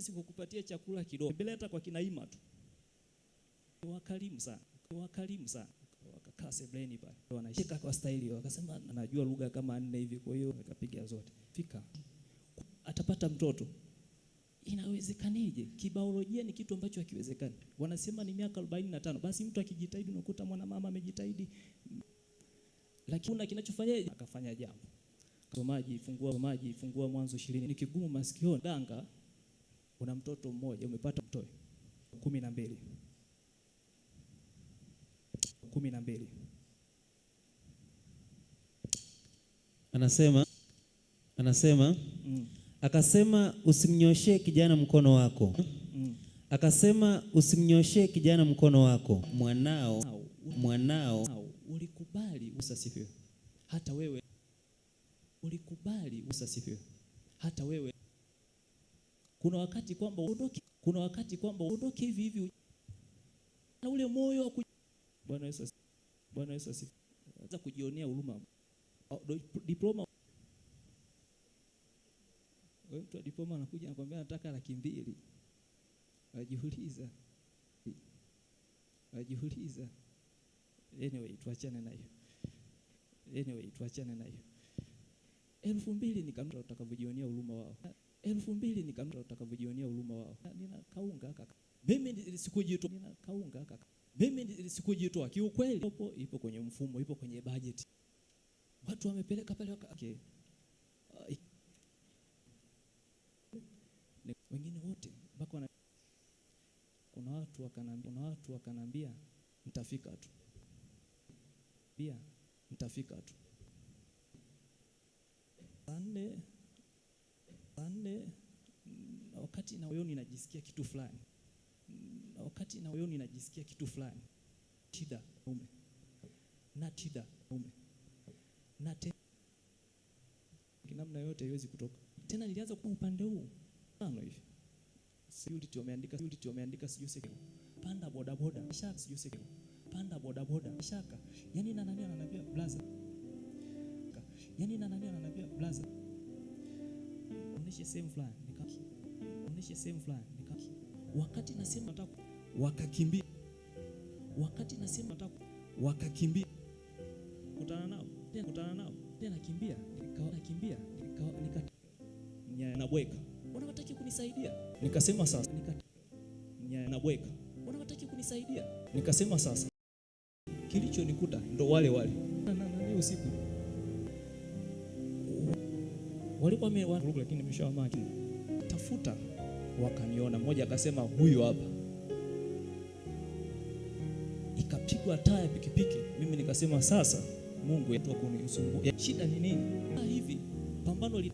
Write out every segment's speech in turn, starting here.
Siwezi kukupatia chakula kidogo. Mbeleta kwa kinaima Ima tu. Wakarimu sana. Wakarimu sana. Wakakaa sebleni pale. wanashika kwa staili Wakasema anajua lugha kama nne hivi kwa hiyo akapiga zote. Fika. Atapata mtoto. Inawezekanaje? Kibiolojia ni kitu ambacho hakiwezekani. Wanasema ni miaka 45. Basi mtu akijitahidi unakuta mwana mama amejitahidi. Lakini kuna kinachofanyaje? Akafanya jambo. Somaji, fungua maji, fungua Mwanzo 20. Ni kigumu masikioni. Danga una mtoto mmoja umepata mtoto kumi na mbili kumi na mbili anasema anasema mm. Akasema usimnyoshe kijana mkono wako mm. Akasema usimnyoshe kijana mkono wako, mwanao mwanao ulikubali usasifiwe hata wewe ulikubali usasifiwe hata wewe kuna wakati kwamba uondoke, kuna wakati kwamba uondoke hivi hivi na ule moyo wa Bwana Yesu asifiwe. Bwana Yesu asifiwe. Anza kujionea huruma. Diploma wewe, mtu diploma anakuja anakuambia nataka laki mbili. Wajiuliza, wajiuliza. Anyway, tuachane na hiyo. Anyway, tuachane na hiyo. Elfu mbili ni kama utakavojionea huruma wao elfu mbili nikamta utakavyojionea huruma wao. Nina kaunga kaka, mimi sikujitoa. Nina kaunga kaka, mimi sikujitoa kiukweli. Ipo, ipo kwenye mfumo, ipo kwenye bajeti, watu wamepeleka pale waka, okay. ne, wengine wote mpaka wana kuna watu wakanambia, kuna watu wakanambia mtafika tu, pia mtafika tu saa nne Nne, wakati na moyoni najisikia kitu fulani, wakati na moyoni najisikia kitu fulani, shida ume na shida ume na namna yote haiwezi kutoka tena. Nilianza kwa upande huu tano hivi, security wameandika, security wameandika, sijui security panda boda boda shaka, sijui security panda boda boda shaka, yani na nani ananiambia blaza, yani na nani ananiambia blaza nionyeshe sehemu fulani nikaki, nionyeshe sehemu fulani nikaki. Wakati nasema nataka wakakimbia, wakati nasema nataka wakakimbia, kutana nao tena, kutana nao tena, kimbia, nikaona kimbia, nikawa nika nyaya na bweka, nabweka, wanataka kunisaidia, nikasema sasa, nika nyaya na bweka, nabweka, wanataka kunisaidia, nikasema sasa, kilichonikuta ndo wale wale na na usiku walikuwa wamevuruga, lakini nimeshawamaki. Tafuta, wakaniona. Mmoja akasema huyu hapa, ikapigwa taa ya pikipiki. Mimi nikasema sasa, Mungu, shida ni nini? Hivi pambano li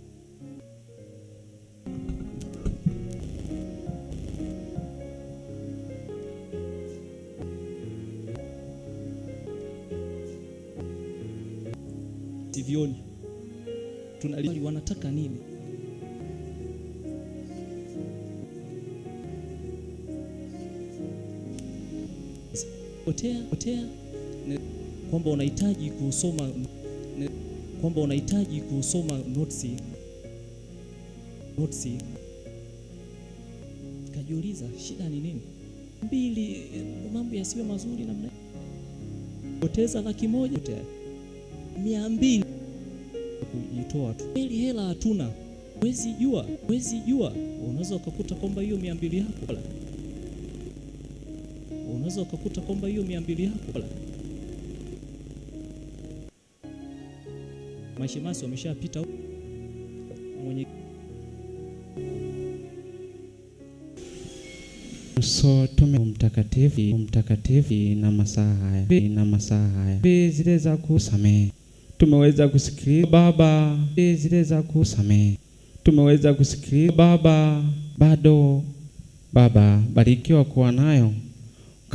wanataka nini? otea potea, kwamba unahitaji kusoma kwamba unahitaji kusoma notisi notisi, kajiuliza shida ni nini? Mbili, mambo yasiwe mazuri namna, poteza laki moja mia mbili kujitoa tu. Kweli hela hatuna, huwezi jua, huwezi jua. Unaweza ukakuta kwamba hiyo mia mbili yako, unaweza ukakuta kwamba hiyo mia mbili yako mashemasi wameshapita mwenye tume mtakatifu mtakatifu na masaa haya na masaa haya zile za kusamehe tumeweza kusikiliza Baba zile za kusamehe, tumeweza kusikiliza Baba bado Baba barikiwa kuwa nayo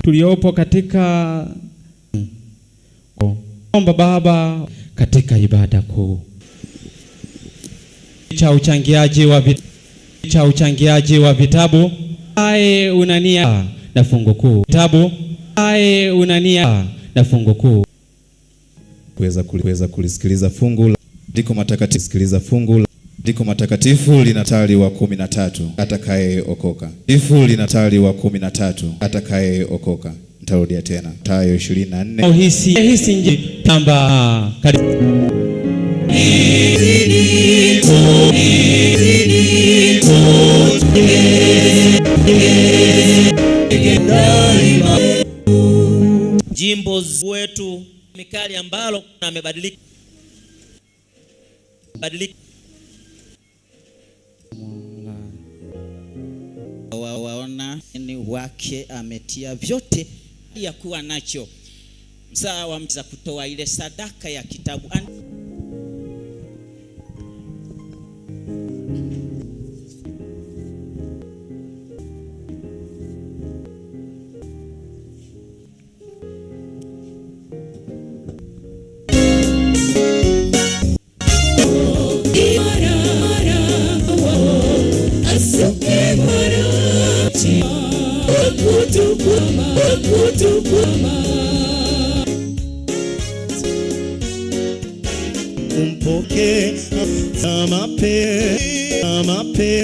tuliopo katika omba Baba katika ibada kuu cha uchangiaji wa vitabu, cha uchangiaji wa vitabu ae unania na fungu kuu vitabu ae unania na fungu kuu kuweza kuweza kulisikiliza fungu ndiko matakatifu sikiliza fungu ndiko matakatifu linatali wa kumi na tatu atakaye okoka ifu linatali wa kumi na tatu atakaye okoka. Nitarudia tena tayo 24 hisi hisi nje tamba jimbo zwe serikali ambalo amebadilika badilika waona ni wake ametia vyote ya kuwa nacho msaa wa mza kutoa ile sadaka ya kitabu And nchi umpoke amape amape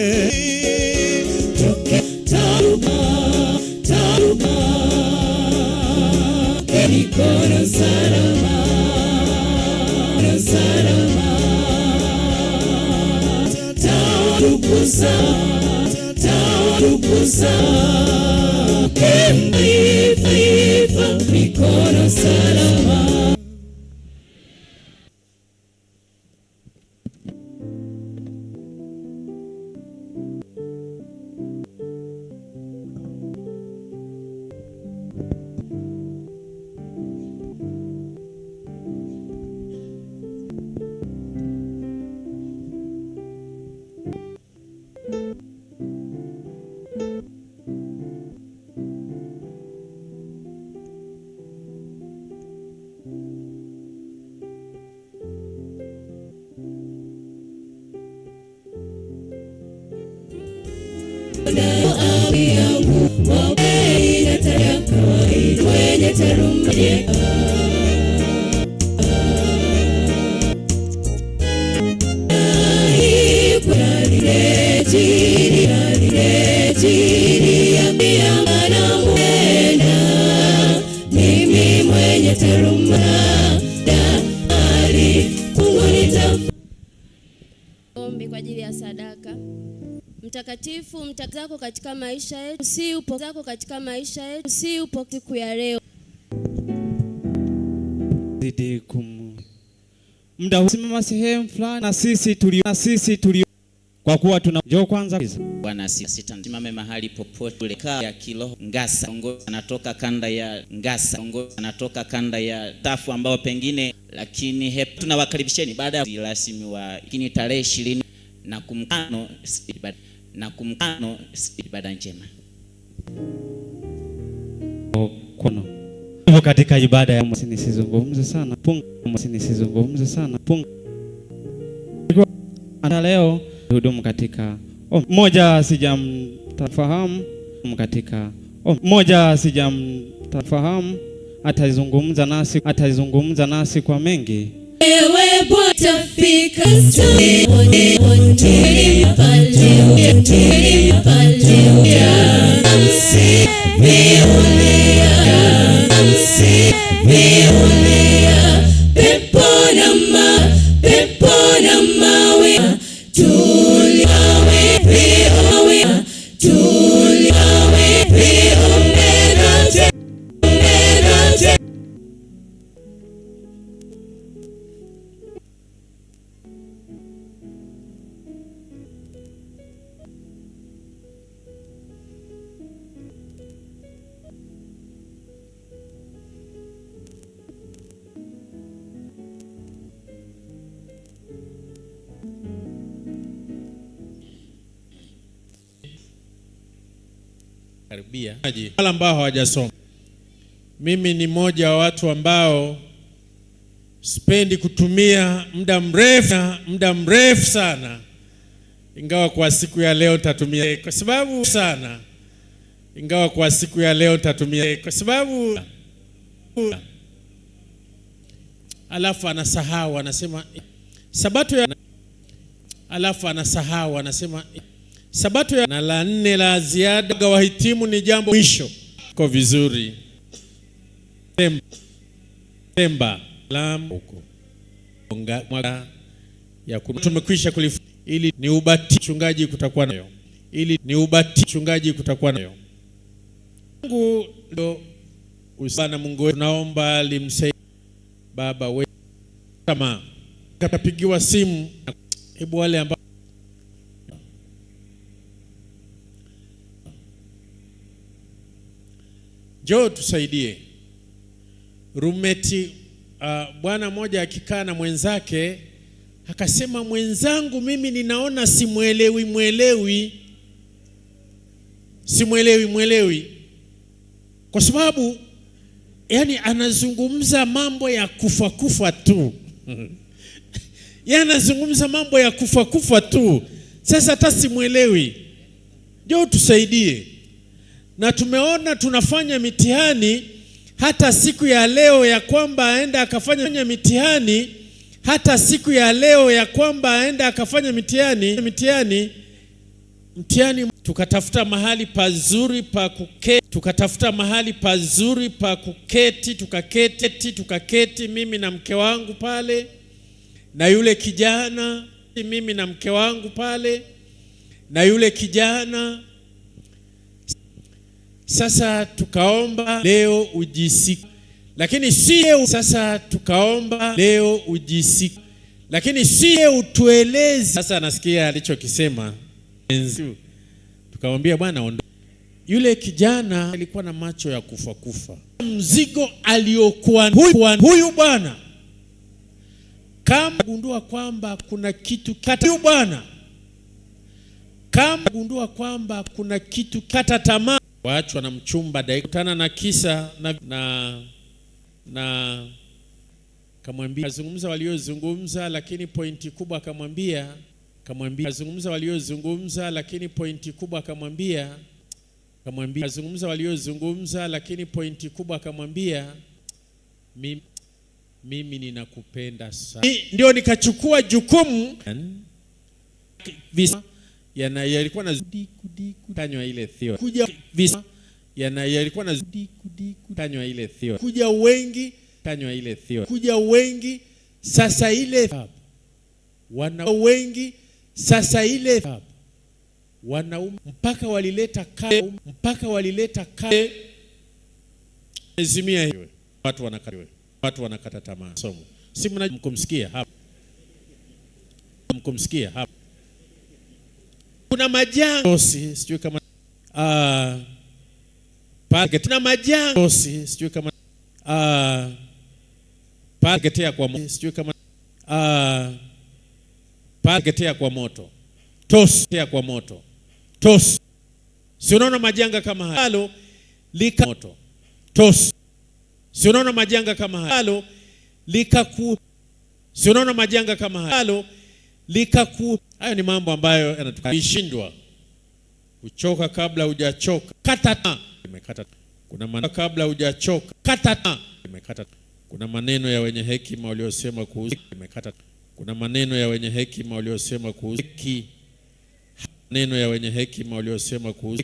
taruba taruba mikono salama salama tarukusa Mikono salama Mungu katika maisha yetu, si upo zako katika maisha yetu, si upo siku ya leo. Zidi muda husimama sehemu fulani, na sisi tulio na sisi tulio kwa kuwa tuna jo kwanza Bwana sita simame mahali popote ule ya kiroho Ngasa ongoza anatoka kanda ya Ngasa ongoza anatoka kanda ya tafu ambao pengine lakini hep tunawakaribisheni baada ya rasmi wa kini tarehe ishirini na kumkano na kumkano ibada njema hivyo katika ibada ya nisizungumze sana punga, nisizungumze sana punga. Leo hudumu katika mmoja, sijamtafahamu katika mmoja, sijamtafahamu atazungumza nasi, atazungumza nasi kwa mengi. Ewe. Msimulia, msimulia karibia wala ambao hawajasoma. Mimi ni mmoja wa watu ambao sipendi kutumia muda mrefu muda mrefu sana, ingawa kwa siku ya leo tatumia kwa sababu sana, ingawa kwa siku ya leo tatumia kwa sababu alafu anasahau anasema sabato ya alafu anasahau anasema Sabato ya na la nne la ziada wahitimu ni jambo mwisho ko vizuri Temba. Temba. Ya kuna tumekwisha kulifu ili ni ubati chungaji kutakuwa nayo ili ni ubati chungaji kutakuwa nayo Mungu ndo usana Mungu wetu, naomba limsaidie baba wetu, kama kapigiwa simu, hebu wale ambao Njoo tusaidie rumeti. Uh, bwana mmoja akikaa na mwenzake akasema, mwenzangu, mimi ninaona simwelewi mwelewi, simwelewi mwelewi, kwa sababu yani anazungumza mambo ya kufa kufa tu yeye anazungumza mambo ya kufa kufa tu, sasa hata simwelewi. Njoo tusaidie na tumeona tunafanya mitihani hata siku ya leo ya kwamba aenda akafanya mitihani hata siku ya leo ya kwamba aenda akafanya mitihani mitihani mtihani. Tukatafuta mahali pazuri pa kuketi, tukatafuta mahali pazuri pa kuketi, tukaketi, tukaketi mimi na mke wangu pale na yule kijana, mimi na mke wangu pale na yule kijana sasa tukaomba leo ujisiku lakini si sasa tukaomba leo ujisiku lakini si utueleze. Sasa nasikia alichokisema, tukamwambia bwana, Yule kijana alikuwa na macho ya kufa kufa, mzigo aliokuwa huyu bwana kama gundua kwamba kuna kitu kata huyu bwana kama gundua kwamba kuna kitu kata tamaa waachwa na mchumba daikutana na kisa na, na, na kamwambia azungumza waliozungumza, lakini pointi kubwa akamwambia kamwambia azungumza waliozungumza, lakini pointi kubwa akamwambia kamwambia azungumza waliozungumza, lakini pointi kubwa akamwambia mimi, mimi ninakupenda sana. Ndio nikachukua jukumu visa yana yalikuwa na zudi kudi kutanywa ile thio kuja visa yana yalikuwa na zudi kudi kutanywa ile thio kuja wengi tanywa ile thio kuja wengi sasa ile wana wengi sasa ile wanaume mpaka walileta ka mpaka walileta ka ezimia hiyo watu wanakata watu wanakata tamaa somo simu na mkumsikia hapo mkumsikia hapo kuna majanga sijui kama ah, pale kuna majanga sijui kama ah, pale getea kwa moto sijui kama ah, pale getea kwa moto tos tetea kwa moto tos si unaona majanga kama haya halo lika moto tos si unaona majanga kama haya halo ku si unaona majanga kama haya halo likaku. Hayo ni mambo ambayo yanatukishindwa kuchoka kabla hujachoka, kata imekata. Kuna maneno kabla hujachoka, kata imekata. Kuna maneno ya wenye hekima waliosema kuhusu imekata. Kuna maneno ya wenye hekima waliosema kuhusu haki, maneno ya wenye hekima waliosema kuhusu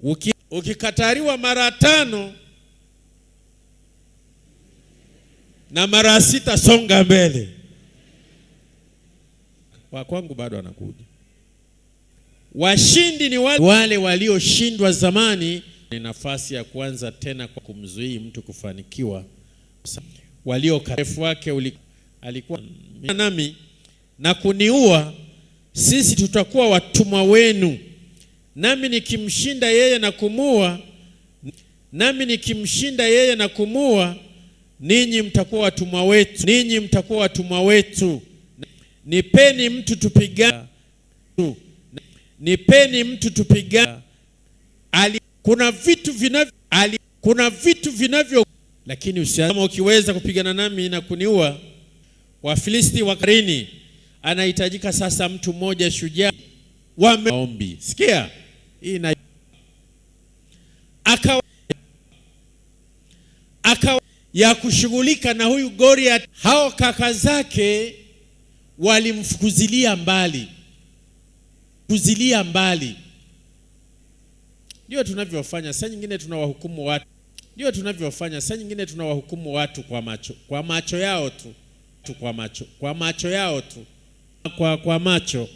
Uki, Ukikatariwa mara tano na mara sita, songa mbele wa kwangu bado anakuja. Washindi ni wale, wale walioshindwa zamani. Ni nafasi ya kuanza tena kwa kumzuii mtu kufanikiwa. walio karefu wake uli, alikuwa nami na kuniua, sisi tutakuwa watumwa wenu, nami nikimshinda yeye na kumua, nami nikimshinda yeye na kumua, ninyi mtakuwa watumwa wetu, ninyi mtakuwa watumwa wetu nipeni mtu tupiga Nipeni mtu tupiga ali, kuna vitu vinavyo ali, kuna vitu vinavyo, lakini usiamu ukiweza kupigana nami na kuniua Wafilisti wa Karini. Anahitajika sasa mtu mmoja shujaa wa maombi. Sikia hii na akawa akawa ya kushughulika na huyu Goliath. Hao kaka zake walimfukuzilia mbali, kuzilia mbali. Ndio tunavyofanya saa nyingine, tunawahukumu watu. Ndio tunavyofanya saa nyingine, tunawahukumu watu kwa macho, kwa macho yao tu tu, kwa macho, kwa macho yao tu, kwa kwa macho.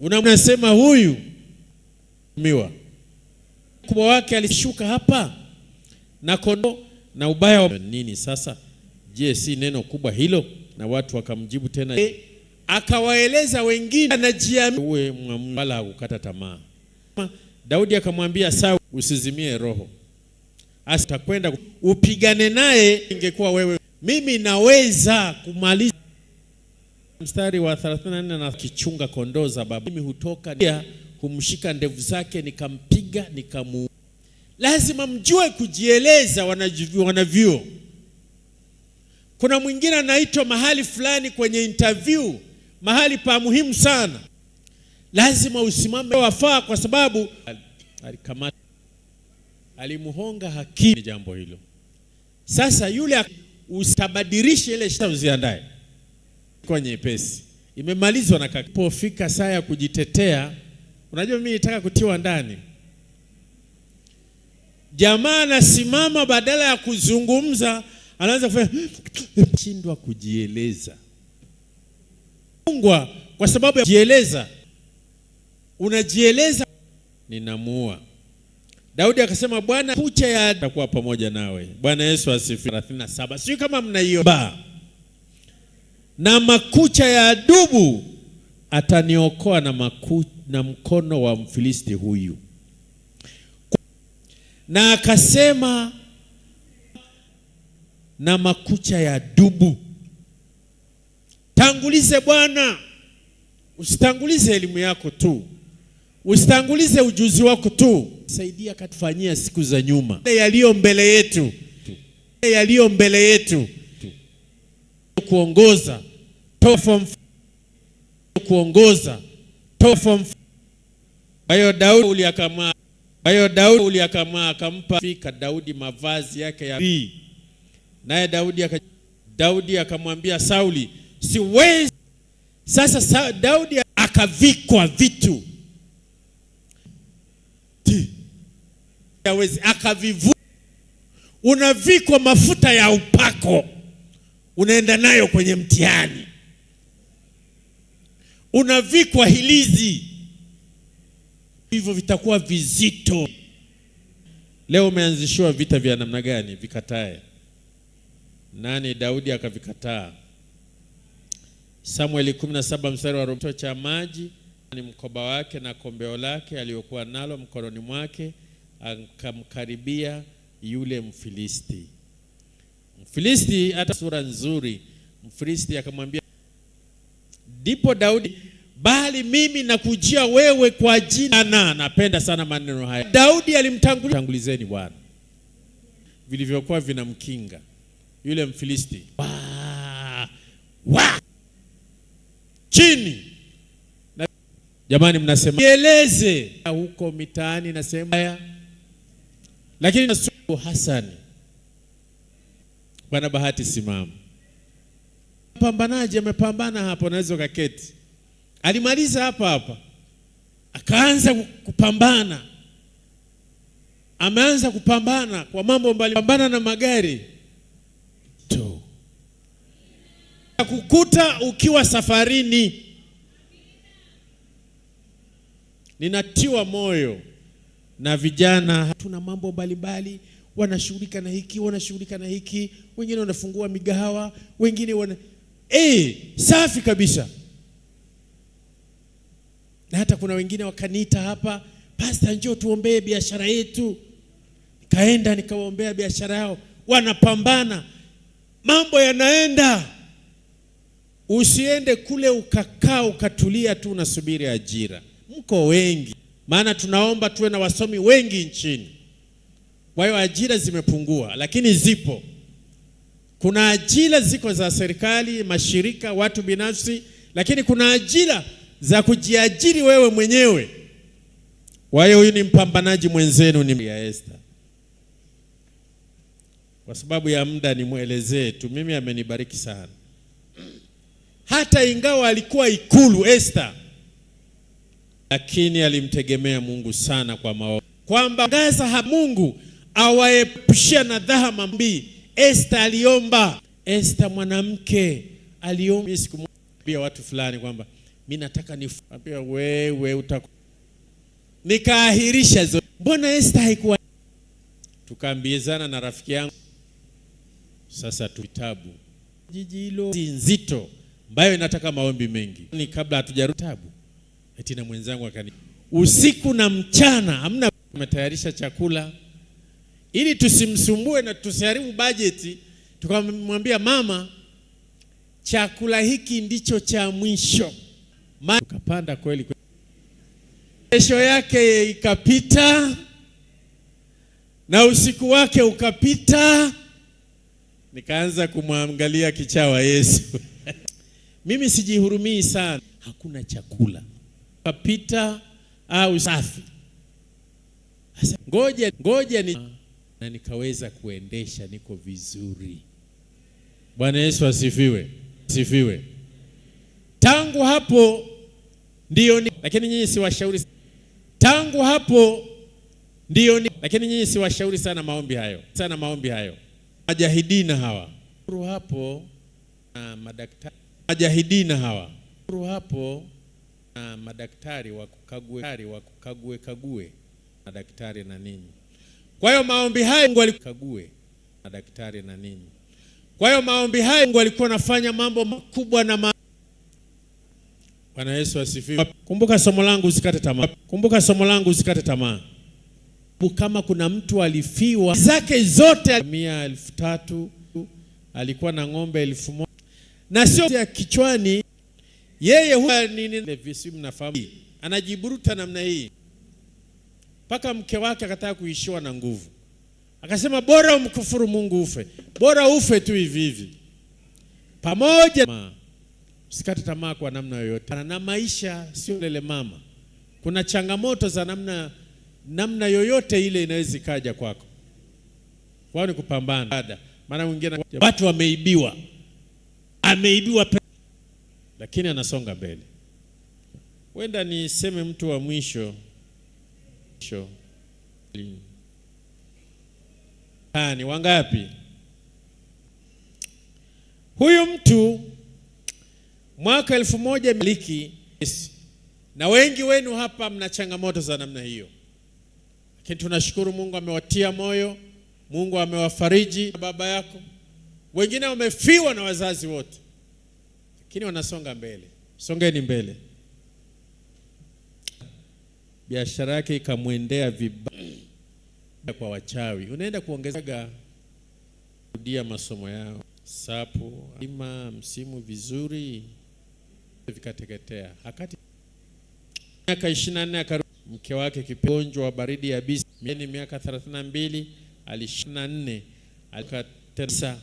unasema huyu miwa kubwa wake alishuka hapa na kondoo na ubaya wa nini? Sasa je, si neno kubwa hilo? na watu wakamjibu tena e, akawaeleza wengine anajiamini, uwe mwamuzi wala hakukata tamaa. Daudi akamwambia sawa, usizimie roho, asitakwenda upigane naye, ingekuwa wewe mimi naweza kumaliza. Mstari wa 34 na kichunga kondoo za baba, mimi hutoka nia, humshika ndevu zake nikampiga nikamu. Lazima mjue kujieleza, wanavyuo kuna mwingine anaitwa mahali fulani kwenye interview, mahali pa muhimu sana, lazima usimame wafaa, kwa sababu alikamata, alimhonga hakimu jambo hilo. Sasa yule usabadilishe ile shida, uziandae kwa nyepesi, imemalizwa na kapofika saa ya kujitetea, unajua mimi nitaka kutiwa ndani Jamaa anasimama badala ya kuzungumza anaanza kufanya shindwa kujieleza ungwa kwa sababu ya kujieleza, unajieleza ninamuua. Daudi akasema Bwana kucha ya atakuwa pamoja nawe. Bwana Yesu asifiwe. 37 sio kama mnaiomba na makucha ya adubu ataniokoa na, maku, na mkono wa Mfilisti huyu, na akasema na makucha ya dubu. Tangulize Bwana, usitangulize elimu yako tu, usitangulize ujuzi wako tu. Saidia katufanyia siku za nyuma, yaliyo mbele yetu, yaliyo mbele yetu kuongoza kuongoza kwahiyo Daudi akampa fika Daudi mavazi yake ya Naye Daudi aka, Daudi akamwambia Sauli, siwezi. Sasa sa, Daudi akavikwa vitu akavivu, unavikwa mafuta ya upako, unaenda nayo kwenye mtihani, unavikwa hilizi, hivyo vitakuwa vizito. Leo umeanzishiwa vita vya namna gani? Vikatae nane Daudi akavikataa. Samueli 17 mstari wa robo cha maji ni mkoba wake na kombeo lake aliyokuwa nalo mkononi mwake, akamkaribia yule Mfilisti. Mfilisti hata sura nzuri, Mfilisti akamwambia, ndipo Daudi bali mimi nakujia wewe kwa jina na napenda sana maneno haya. Daudi alimtangulizeni Bwana vilivyokuwa vinamkinga yule Mfilisti wa, wa, chini na, jamani, mnasema eleze huko mitaani na sehemu haya, lakini Suluhu Hassan, Bwana Bahati, simama pambanaje? amepambana hapo, naweza ukaketi. Alimaliza hapa hapa, akaanza kupambana, ameanza kupambana kwa mambo mbalimbali, pambana na magari kukuta ukiwa safarini. Ninatiwa moyo na vijana, tuna mambo mbalimbali, wanashughulika na hiki, wanashughulika na hiki, wengine wanafungua migahawa, wengine wana hey, eh, safi kabisa. Na hata kuna wengine wakaniita hapa, Pasta, njoo tuombee biashara yetu. Nikaenda nikawaombea biashara yao, wanapambana, mambo yanaenda Usiende kule ukakaa ukatulia tu unasubiri ajira. Mko wengi, maana tunaomba tuwe na wasomi wengi nchini. Kwa hiyo ajira zimepungua, lakini zipo. Kuna ajira ziko za serikali, mashirika, watu binafsi, lakini kuna ajira za kujiajiri wewe mwenyewe. Kwa hiyo huyu ni mpambanaji mwenzenu, ni ya Esther. Kwa sababu ya muda nimwelezee tu, mimi amenibariki sana hata ingawa alikuwa ikulu Esther, lakini alimtegemea Mungu sana kwa maombi, kwamba ngaza Mungu awaepushia na dhahama mbii. Esther aliomba. Esther mwanamke aliomba. moja watu fulani kwamba mimi nataka pia wewe utaku nikaahirisha zote. Mbona Esther haikuwa? Tukaambiezana na rafiki yangu, sasa tu vitabu jiji hilo nzito ambayo inataka maombi mengi. Ni kabla hatujarutabu eti na mwenzangu akani usiku na mchana, amna umetayarisha chakula ili tusimsumbue na tusiharibu bajeti. Tukamwambia mama, chakula hiki ndicho cha mwisho. Ukapanda kweli kweli, kesho yake ikapita na usiku wake ukapita, nikaanza kumwangalia kichawa Yesu. Mimi sijihurumii sana, hakuna chakula papita au safi. Asa, ngoja ngoja ni, na nikaweza kuendesha, niko vizuri. Bwana Yesu asifiwe, asifiwe. Tangu hapo ndio ni, lakini nyinyi siwashauri. Tangu hapo ndio ni, lakini nyinyi siwashauri sana maombi hayo, sana maombi hayo, majahidina hawa hapo na madaktari Majahidina hawa hapo na madaktari wa kukague wa kukague kague na daktari na nini. Kwa hiyo maombi hayo Mungu alikague na daktari na nini. Kwa hiyo maombi hayo Mungu alikuwa anafanya mambo makubwa na ma... Bwana Yesu asifiwe. Kumbuka somo langu, usikate tamaa. Kumbuka somo langu, usikate tamaa. Kama kuna mtu alifiwa zake zote mia elfu tatu alikuwa na ng'ombe elfu moja na sio ya kichwani. Yeye huwa nini, mnafahamu, anajiburuta namna hii mpaka mke wake akataka kuishiwa na nguvu, akasema bora umkufuru Mungu ufe, bora ufe tu hivi hivi. Pamoja msikate tamaa kwa namna yoyote, na maisha sio lele mama. Kuna changamoto za namna namna yoyote ile inaweza ikaja kwako, kwani kupambana. Maana mwingine watu wameibiwa ameibiwa pesa, lakini anasonga mbele. Wenda niseme mtu wa mwisho mwisho ni yaani, wangapi? Huyu mtu mwaka elfu moja miliki na wengi wenu hapa mna changamoto za namna hiyo, lakini tunashukuru Mungu amewatia moyo, Mungu amewafariji baba yako wengine wamefiwa na wazazi wote, lakini wanasonga mbele. Songeni mbele. Biashara yake ikamwendea vibaya kwa wachawi. Unaenda kuongezaga kudia masomo yao sapu ima msimu vizuri vikateketea. Hakati miaka 24 akaru mke wake kiponjwa wa baridi ya bisi miaka 32 alishinda 4 alikatesa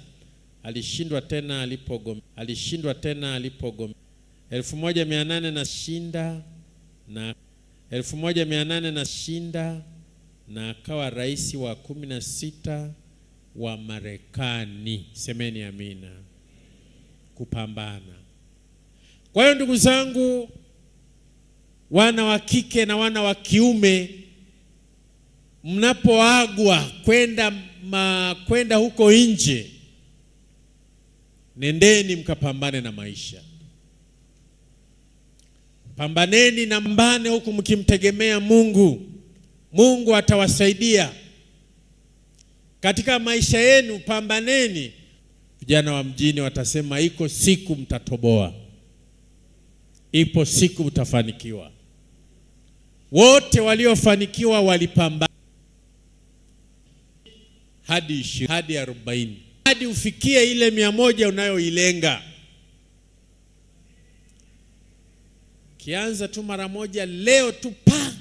Alishindwa tena alipogom, alishindwa tena alipogom, elfu moja mia nane na shinda na elfu moja mia nane na shinda na akawa rais wa kumi na sita wa Marekani. Semeni amina. Kupambana. Kwa hiyo ndugu zangu, wana wa kike na wana wa kiume, mnapoagwa kwenda kwenda huko nje nendeni mkapambane na maisha. Pambaneni na mbane huku mkimtegemea Mungu. Mungu atawasaidia katika maisha yenu, pambaneni. Vijana wa mjini watasema iko siku mtatoboa, ipo siku mtafanikiwa. Wote waliofanikiwa walipambana hadi ishirini hadi arobaini hadi ufikie ile mia moja unayoilenga. Kianza tu mara moja leo tu pa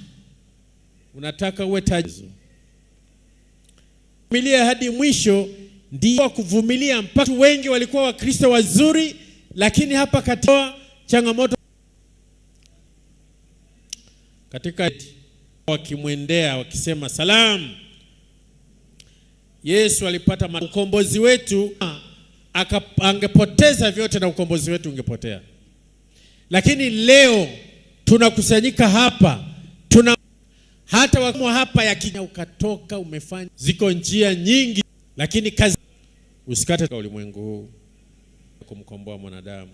unataka uwe tajiri. Vumilia hadi mwisho, ndio kuvumilia mpaka. Wengi walikuwa Wakristo wazuri, lakini hapa katika changamoto katika wakimwendea wakisema salamu Yesu alipata ukombozi wetu, aka, angepoteza vyote na ukombozi wetu ungepotea. Lakini leo tunakusanyika hapa, tuna hata wakumu hapa ya ukatoka umefanya. Ziko njia nyingi, lakini kazi usikate ulimwengu huu kumkomboa mwanadamu.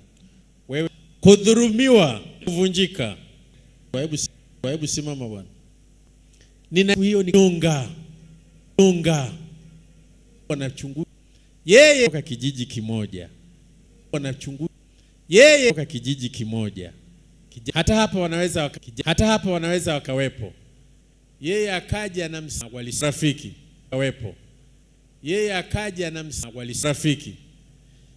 Wewe kudhurumiwa, kuvunjika, hebu simama bwana, nina hiyo ni nunga nunga wanachunguza yeye kutoka kijiji kimoja, wanachunguza yeye kutoka kijiji kimoja. Hata hapa wanaweza waka, hata hapa wanaweza wakawepo, yeye akaja na rafiki kawepo, yeye akaja na rafiki.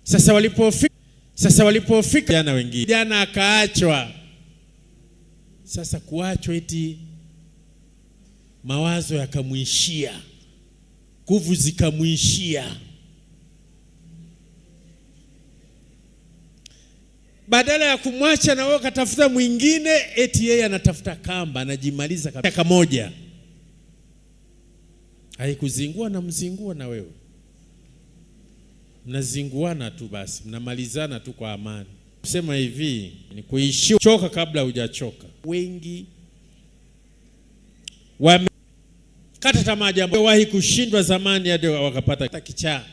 Sasa walipofika sasa walipofika jana wengine, jana akaachwa. Sasa kuachwa eti mawazo yakamwishia nguvu zikamwishia. Badala ya kumwacha na wewe katafuta mwingine, eti yeye anatafuta kamba, anajimaliza kaka moja, Haikuzingua, namzingua na wewe, mnazinguana tu, basi mnamalizana tu kwa amani. Kusema hivi ni kuishiwa choka kabla hujachoka. Wengi wame kata tamaa, jambo wahi kushindwa zamani hadi wakapata kichaa,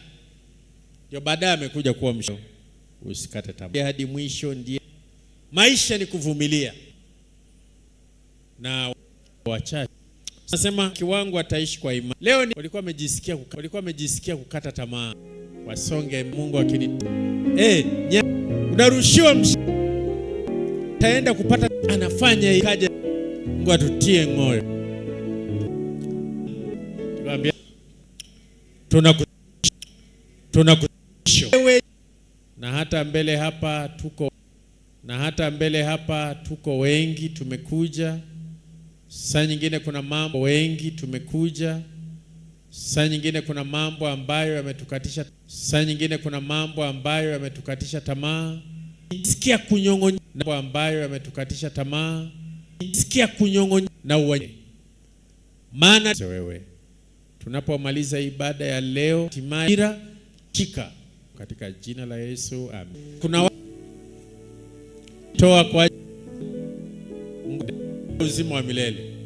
ndio baadaye amekuja kuwa mshauri. Usikate tamaa hadi mwisho, ndiye maisha ni kuvumilia. Na wachache nasema kiwango ataishi kwa imani. Leo ni walikuwa wamejisikia kuka, walikuwa wamejisikia kukata tamaa, wasonge Mungu akini eh, hey, unarushiwa taenda kupata anafanya ikaje, Mungu atutie moyo. tunakushukuru na hata mbele hapa tuko na hata mbele hapa tuko wengi, tumekuja saa nyingine, kuna mambo wengi tumekuja saa nyingine, kuna mambo ambayo yametukatisha, saa nyingine, kuna mambo ambayo yametukatisha tamaa, sikia kunyongonya mambo ambayo yametukatisha tamaa, sikia kunyongonya na uwe maana wewe tunapomaliza ibada ya leo timaira kika katika jina la Yesu amen. Kuna toa kwa uzima wa milele.